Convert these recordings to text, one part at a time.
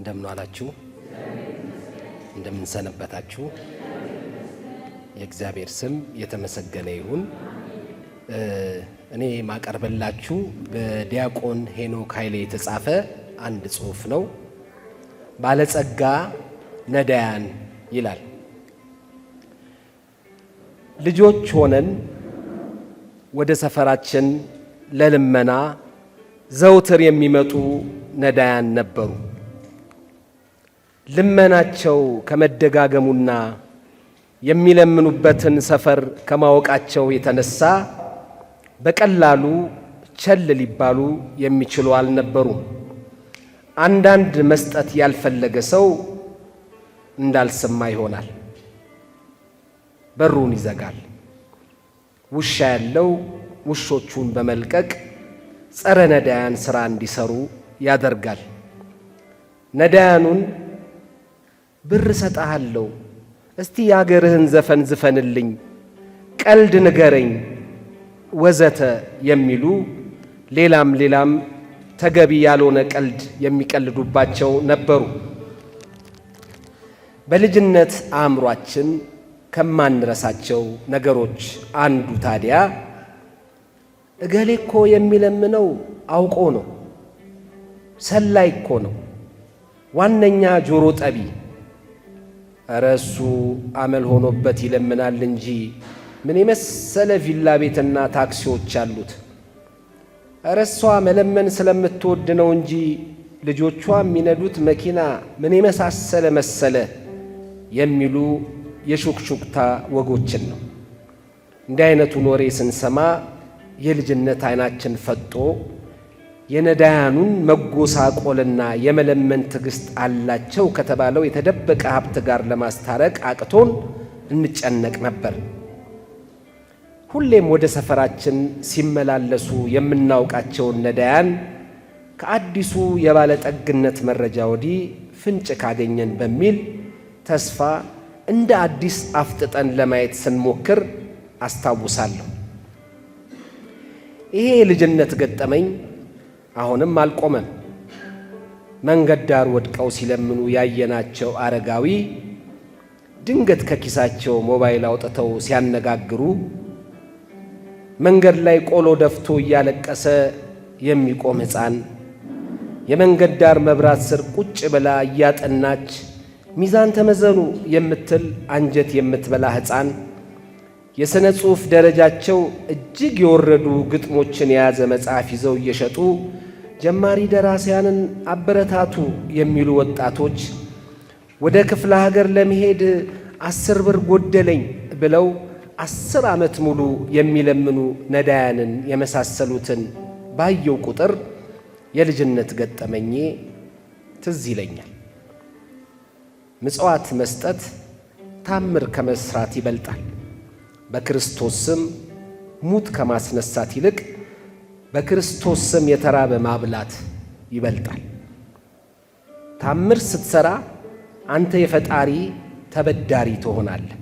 እንደምን ዋላችሁ? እንደምን ሰነበታችሁ? የእግዚአብሔር ስም የተመሰገነ ይሁን። እኔ ማቀርበላችሁ በዲያቆን ሄኖክ ኃይሌ የተጻፈ አንድ ጽሑፍ ነው። ባለጸጋ ነዳያን ይላል። ልጆች ሆነን ወደ ሰፈራችን ለልመና ዘውትር የሚመጡ ነዳያን ነበሩ። ልመናቸው ከመደጋገሙና የሚለምኑበትን ሰፈር ከማወቃቸው የተነሳ በቀላሉ ቸል ሊባሉ የሚችሉ አልነበሩም። አንዳንድ መስጠት ያልፈለገ ሰው እንዳልሰማ ይሆናል፣ በሩን ይዘጋል። ውሻ ያለው ውሾቹን በመልቀቅ ጸረ ነዳያን ሥራ እንዲሰሩ ያደርጋል። ነዳያኑን ብር እሰጥሃለሁ፣ እስቲ የአገርህን ዘፈን ዝፈንልኝ፣ ቀልድ ንገረኝ፣ ወዘተ የሚሉ ሌላም ሌላም ተገቢ ያልሆነ ቀልድ የሚቀልዱባቸው ነበሩ። በልጅነት አእምሯችን ከማንረሳቸው ነገሮች አንዱ ታዲያ እገሌ እኮ የሚለምነው አውቆ ነው፣ ሰላይ እኮ ነው፣ ዋነኛ ጆሮ ጠቢ እረ እሱ አመል ሆኖበት ይለምናል እንጂ ምን የመሰለ ቪላ ቤትና ታክሲዎች አሉት። እረ እሷ መለመን ስለምትወድ ነው እንጂ ልጆቿ የሚነዱት መኪና ምን የመሳሰለ መሰለ የሚሉ የሹክሹክታ ወጎችን ነው። እንዲህ አይነቱን ወሬ ስንሰማ የልጅነት አይናችን ፈጦ የነዳያኑን መጎሳቆልና የመለመን ትዕግስት አላቸው ከተባለው የተደበቀ ሀብት ጋር ለማስታረቅ አቅቶን እንጨነቅ ነበር። ሁሌም ወደ ሰፈራችን ሲመላለሱ የምናውቃቸውን ነዳያን ከአዲሱ የባለጠግነት መረጃ ወዲህ ፍንጭ ካገኘን በሚል ተስፋ እንደ አዲስ አፍጥጠን ለማየት ስንሞክር አስታውሳለሁ። ይሄ የልጅነት ገጠመኝ አሁንም አልቆመም። መንገድ ዳር ወድቀው ሲለምኑ ያየናቸው አረጋዊ ድንገት ከኪሳቸው ሞባይል አውጥተው ሲያነጋግሩ መንገድ ላይ ቆሎ ደፍቶ እያለቀሰ የሚቆም ሕፃን፣ የመንገድ ዳር መብራት ስር ቁጭ ብላ እያጠናች ሚዛን ተመዘኑ የምትል አንጀት የምትበላ ሕፃን፣ የሥነ ጽሑፍ ደረጃቸው እጅግ የወረዱ ግጥሞችን የያዘ መጽሐፍ ይዘው እየሸጡ ጀማሪ ደራሲያንን አበረታቱ የሚሉ ወጣቶች ወደ ክፍለ ሀገር ለመሄድ አስር ብር ጎደለኝ ብለው አስር ዓመት ሙሉ የሚለምኑ ነዳያንን የመሳሰሉትን ባየው ቁጥር የልጅነት ገጠመኜ ትዝ ይለኛል። ምጽዋት መስጠት ታምር ከመስራት ይበልጣል። በክርስቶስ ስም ሙት ከማስነሳት ይልቅ በክርስቶስ ስም የተራበ ማብላት ይበልጣል። ታምር ስትሰራ አንተ የፈጣሪ ተበዳሪ ትሆናለህ።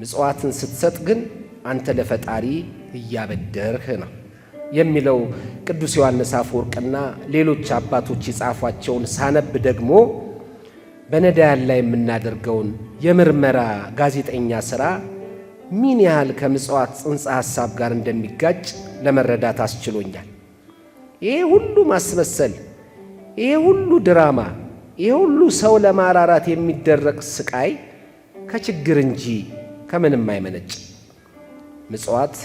ምጽዋትን ስትሰጥ ግን አንተ ለፈጣሪ እያበደርህ ነው የሚለው ቅዱስ ዮሐንስ አፈወርቅና ሌሎች አባቶች የጻፏቸውን ሳነብ ደግሞ በነዳያን ላይ የምናደርገውን የምርመራ ጋዜጠኛ ሥራ ምን ያህል ከምጽዋት ጽንሰ ሐሳብ ጋር እንደሚጋጭ ለመረዳት አስችሎኛል። ይሄ ሁሉ ማስመሰል፣ ይሄ ሁሉ ድራማ፣ ይሄ ሁሉ ሰው ለማራራት የሚደረግ ስቃይ ከችግር እንጂ ከምንም አይመነጭ። ምጽዋት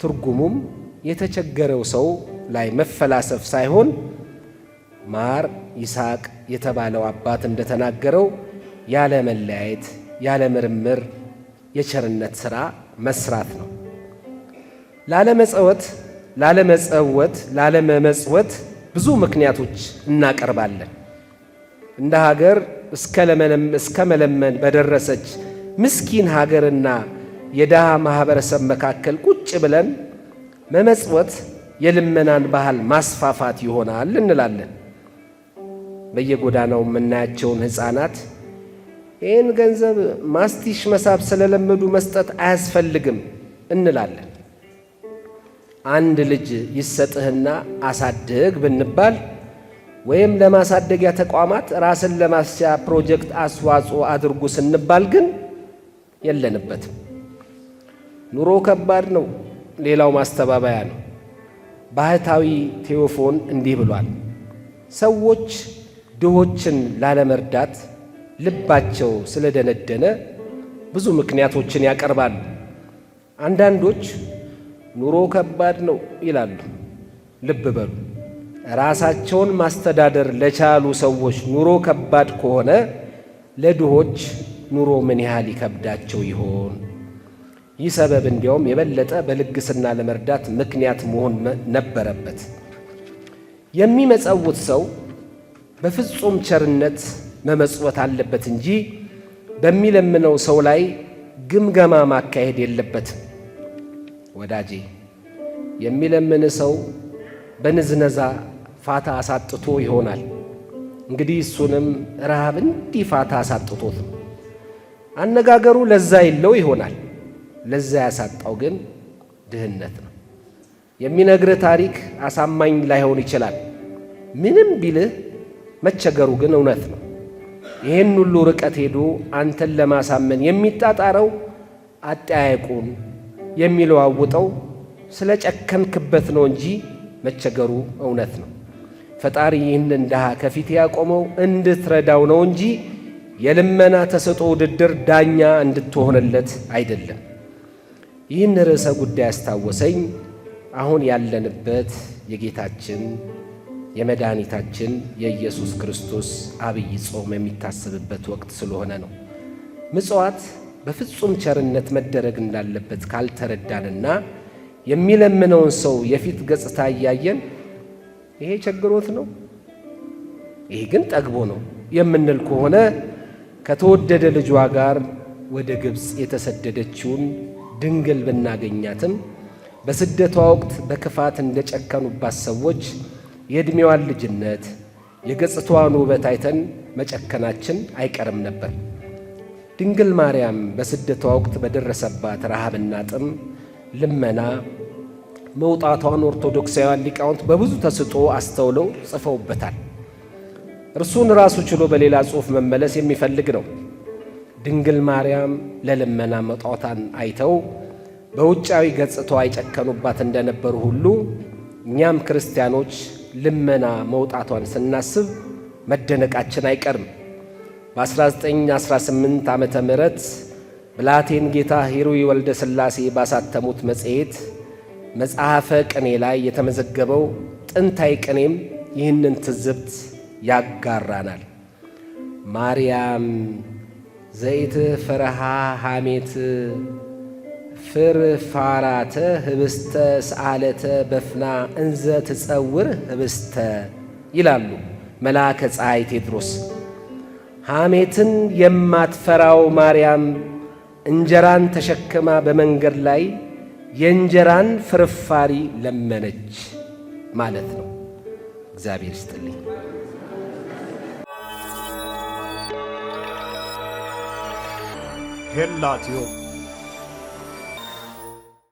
ትርጉሙም የተቸገረው ሰው ላይ መፈላሰፍ ሳይሆን ማር ይስሐቅ የተባለው አባት እንደተናገረው ያለ መለያየት ያለ ምርምር የቸርነት ሥራ መስራት ነው። ላለመጸወት ላለመጸወት ላለመመጽወት ብዙ ምክንያቶች እናቀርባለን። እንደ ሀገር እስከ መለመን በደረሰች ምስኪን ሀገርና የድሃ ማህበረሰብ መካከል ቁጭ ብለን መመጽወት የልመናን ባህል ማስፋፋት ይሆናል እንላለን። በየጎዳናው የምናያቸውን ሕፃናት ይህን ገንዘብ ማስቲሽ መሳብ ስለለመዱ መስጠት አያስፈልግም እንላለን። አንድ ልጅ ይሰጥህና አሳድግ ብንባል ወይም ለማሳደጊያ ተቋማት ራስን ለማስቻ ፕሮጀክት አስተዋጽኦ አድርጉ ስንባል ግን የለንበትም። ኑሮ ከባድ ነው። ሌላው ማስተባበያ ነው። ባህታዊ ቴዎፎን እንዲህ ብሏል፣ ሰዎች ድሆችን ላለመርዳት ልባቸው ስለደነደነ ብዙ ምክንያቶችን ያቀርባሉ። አንዳንዶች ኑሮ ከባድ ነው ይላሉ። ልብ በሉ፣ ራሳቸውን ማስተዳደር ለቻሉ ሰዎች ኑሮ ከባድ ከሆነ ለድሆች ኑሮ ምን ያህል ይከብዳቸው ይሆን? ይህ ሰበብ እንዲያውም የበለጠ በልግስና ለመርዳት ምክንያት መሆን ነበረበት። የሚመጸውት ሰው በፍጹም ቸርነት መመጽወት አለበት እንጂ በሚለምነው ሰው ላይ ግምገማ ማካሄድ የለበትም። ወዳጄ የሚለምን ሰው በንዝነዛ ፋታ አሳጥቶ ይሆናል። እንግዲህ እሱንም ረሃብ እንዲህ ፋታ አሳጥቶት አነጋገሩ ለዛ የለው ይሆናል። ለዛ ያሳጣው ግን ድህነት ነው። የሚነግር ታሪክ አሳማኝ ላይሆን ይችላል። ምንም ቢልህ መቸገሩ ግን እውነት ነው። ይህን ሁሉ ርቀት ሄዶ አንተን ለማሳመን የሚጣጣረው አጠያየቁን የሚለዋውጠው ስለ ጨከንክበት ነው እንጂ መቸገሩ እውነት ነው። ፈጣሪ ይህንን ድሃ ከፊት ያቆመው እንድትረዳው ነው እንጂ የልመና ተሰጦ ውድድር ዳኛ እንድትሆንለት አይደለም። ይህን ርዕሰ ጉዳይ ያስታወሰኝ አሁን ያለንበት የጌታችን የመድኃኒታችን የኢየሱስ ክርስቶስ አብይ ጾም የሚታሰብበት ወቅት ስለሆነ ነው። ምጽዋት በፍጹም ቸርነት መደረግ እንዳለበት ካልተረዳንና የሚለምነውን ሰው የፊት ገጽታ እያየን ይሄ ቸግሮት ነው፣ ይሄ ግን ጠግቦ ነው የምንል ከሆነ ከተወደደ ልጇ ጋር ወደ ግብፅ የተሰደደችውን ድንግል ብናገኛትም በስደቷ ወቅት በክፋት እንደጨከኑባት ሰዎች የዕድሜዋን ልጅነት የገጽታዋን ውበት አይተን መጨከናችን አይቀርም ነበር። ድንግል ማርያም በስደቷ ወቅት በደረሰባት ረሃብና ጥም ልመና መውጣቷን ኦርቶዶክሳውያን ሊቃውንት በብዙ ተስጦ አስተውለው ጽፈውበታል። እርሱን ራሱ ችሎ በሌላ ጽሑፍ መመለስ የሚፈልግ ነው። ድንግል ማርያም ለልመና መውጣቷን አይተው በውጫዊ ገጽታዋ አይጨከኑባት እንደነበሩ ሁሉ እኛም ክርስቲያኖች ልመና መውጣቷን ስናስብ መደነቃችን አይቀርም። በ1918 ዓ ም ብላቴን ጌታ ሂሩይ ወልደ ሥላሴ ባሳተሙት መጽሔት መጽሐፈ ቅኔ ላይ የተመዘገበው ጥንታዊ ቅኔም ይህንን ትዝብት ያጋራናል። ማርያም ዘይት ፈረሃ ሐሜት ፍርፋራተ ህብስተ ሰዓለተ በፍና እንዘ ትጸውር ህብስተ ይላሉ መልአከ ፀሐይ ቴድሮስ። ሐሜትን የማትፈራው ማርያም እንጀራን ተሸክማ በመንገድ ላይ የእንጀራን ፍርፋሪ ለመነች ማለት ነው። እግዚአብሔር ይስጥልኝ። ሄላትዮ